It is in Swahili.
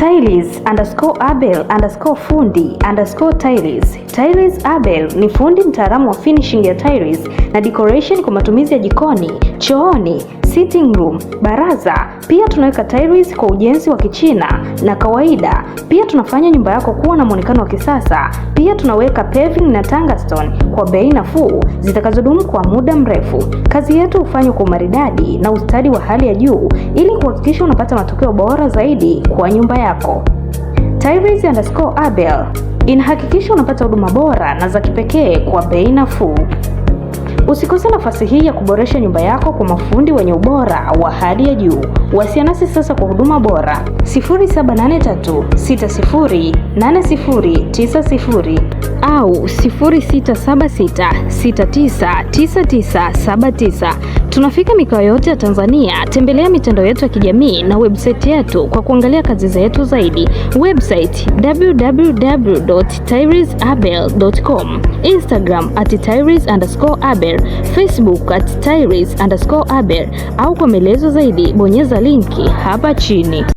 Tiles underscore Abel underscore fundi underscore tiles. Tiles Abel ni fundi mtaalamu wa finishing ya tiles na decoration kwa matumizi ya jikoni, chooni sitting room, baraza. Pia tunaweka tiles kwa ujenzi wa kichina na kawaida. Pia tunafanya nyumba yako kuwa na muonekano wa kisasa. Pia tunaweka paving na tangstone kwa bei nafuu zitakazodumu kwa muda mrefu. Kazi yetu hufanywa kwa umaridadi na ustadi wa hali ya juu ili kuhakikisha unapata matokeo bora zaidi kwa nyumba yako. Tiles underscore Abel inahakikisha unapata huduma bora na za kipekee kwa bei nafuu. Usikose nafasi hii ya kuboresha nyumba yako kwa mafundi wenye ubora wa hali ya juu. wasianasi nasi sasa kwa huduma bora 0783608090 au 0676699979. Tunafika mikoa yote ya Tanzania. Tembelea mitandao yetu ya kijamii na website yetu kwa kuangalia kazi zetu zaidi. Website www.tyreesabel.com, Instagram at tyrees underscore abel, Facebook at tyrees underscore abel, au kwa maelezo zaidi bonyeza linki hapa chini.